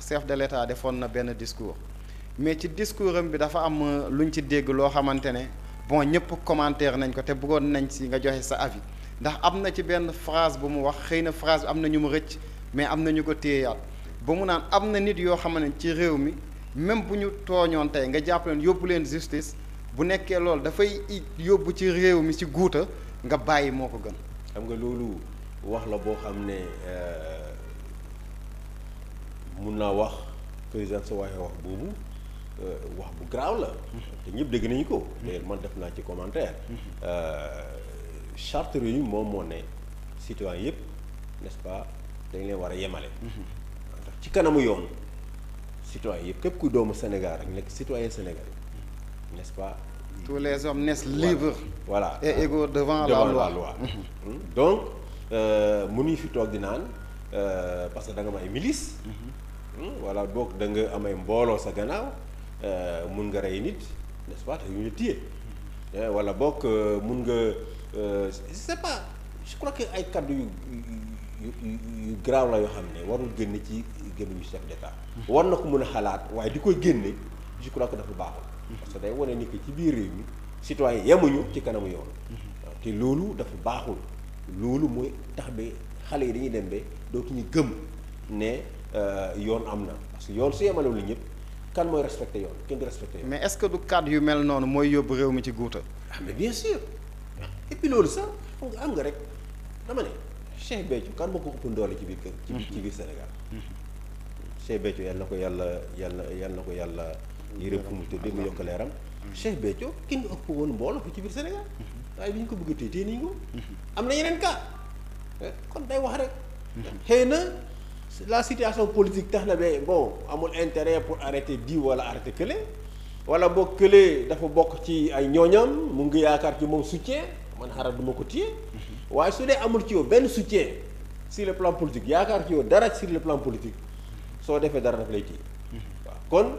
chef de l'État defoon na benn discours mais ci discours am bi dafa am euh, luñ ci dégg loo xamante ne bon ñëpp commentaire nañ ko te bëggoon nañ si nga joxe sa avis ndax am na ci benn phrase bu mu wax xëy na phrase bi am na ñu mu rëcc mais am na ñu ko téyeyaat ba mu naan am na nit yoo xam ne ci réew mi même bu ñu tooñoon tey nga jàppaleen yóbbu leen justice bu nekkee loolu dafay yóbbu ci réew mi ci guuta nga bàyyi moo ko gën. xam nga loolu wax la boo xam ne. Euh, mun naa wax président sa waaye wax boobu euh, wax bu garaaw la. te ñëpp dégg nañu ko. d'ailleurs man def naa ci commentaire. Euh, charte réew moom moo ne citoyen yëpp n'est-ce pas dañ leen war a yemale. ndax kanamu yoon citoyen yëpp képp ku doomu Sénégal rek nekk citoyen Sénégal n'est-ce les hommes naissent libres. voilà et égaux devant, devant la loi. Hmm? Euh, mënuñu fi toog di naan parce que da nga may milice. Hmm, wala boog da nga amay mbooloo sa gannaaw euh, mun nga rey nit nest pas te yu ñu téye eh, wala boog euh, mun nga c'est euh, pas je crois que ay kaddu yu yu graaw la yoo xam ne warul génne ci gémmiñu chef d'État war na ko mën a xalaat waaye di koy génne je crois que dafa baaxul parce que day wane ni que ci biir réew mi citoyen yemuñu ci kanamu yoon mhm. te loolu dafa baaxul loolu mooy tax ba xale yi dañuy dem ba dootuñu gëm ne Euh, yoon am na parce que yoon su yemalewul ñëpp kan mooy respecté yoon kenn du respecté yoon. mais est-ce que du cadre yu mel noonu mooy yóbbu réew mi ci guuta ah mais bien sûr et puis am nga rek dama ne Cheikh Béthio kan moo ko ci biir kër. ci biir ci biir Sénégal. Cheikh Béthio na ko yàlla yàlla yal na ko yàlla yërëm fu mu tëddee mu yokk leeram. Cheikh Béthio kenn ëpp woon mbooloo ko ci biir Sénégal. waaye bi ko bëgg a téye ko. am na yeneen cas eh, kon day wax rek. xëy na. la situation politique tax na mais bon amul intérêt pour arrêter di wala arrêter kële wala boo kële dafa bokk ci ay ñooñam mu ngi yaakaar ci moom soutien man xaaral du ma ko téye waaye su dee amul ci yow benn soutien si le plan politique yaakaar ci yow dara sur le plan politique soo defee dara daf lay téye waaw kon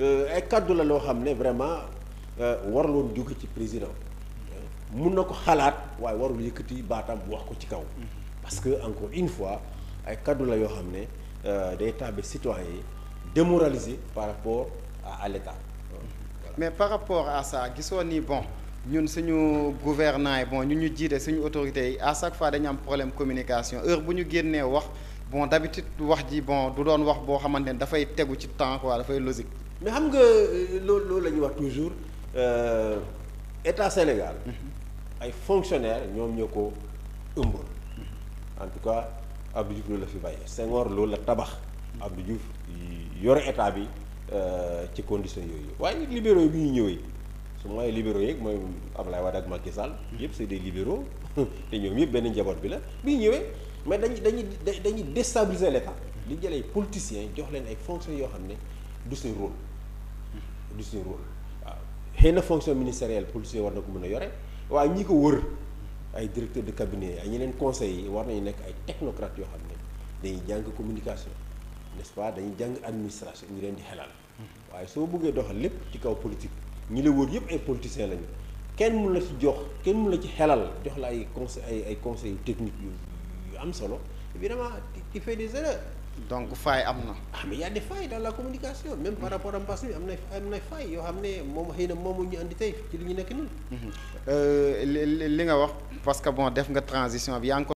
euh, ay kaddu la loo xam ne vraiment euh, waruloon jóge ci président mun na ko xalaat waaye warul yëkkati baatam bu wax ko ci kaw parce que encore une fois ay kaddu la yoo xam ne euh, day tàbbi citoyen yi démoralisé par rapport à, à mais par rapport à ça gisoo nii bon ñun suñu gouvernant yi bon ñu ñu jiite suñu autorités yi à chaque fois dañu am problème communication heure bu ñu génnee wax bon d'habitude wax ji bon du doon wax boo xamante ne dafay tegu ci temps quoi dafay logique. mais xam nga loolu euh, loolu la ñuy wax toujours euh, état Sénégal mhm. ay fonctionnaires ñoom ñoo ko ëmb en Abdou Diouf loolu la fi bàyyee Senghor loolu la tabax Abdou Diouf yore état bi euh, ci condition yooyu waaye libéraux yi bi ñëwee su mooy libéraux yeeg mooy Ablaye Wade ak Macky Sall yëpp c'est des libéraux te ñoom yëpp benn njaboot bi la bi ñëwee mais dañuy dañuy destabliser déstabiliser l'état li jëlee politiciens jox leen ay fonctions yoo xam ne du seen rôle du seen rôle waaw xëy na fonction ministérielle politicien war na ko mën a yore waaye ñi ko wër ay directeur de cabinet ay ñeneen conseils yi war nañu nekk ay technocrates yoo xam ne dañuy jàng communication nest pas dañuy jàng administration ñu leen di xelal waaye soo bëggee doxal lépp ci kaw politique ñi la wër yëpp ay politiciens lañu kenn mun la ci jox kenn mun la ci xelal jox la ay conseil ay ay conseils techniques yu yu am solo évidemment tu fais des erreurs donc faille am na. ah mais y a des failles la communication même par rapport am passé bi am na am na faille yoo xam ne moom xëy na moomu ñu tey ci li ñu nekk nii. Mhm. Euh, li nga wax parce que bon def nga transition bi yaa ngi ko.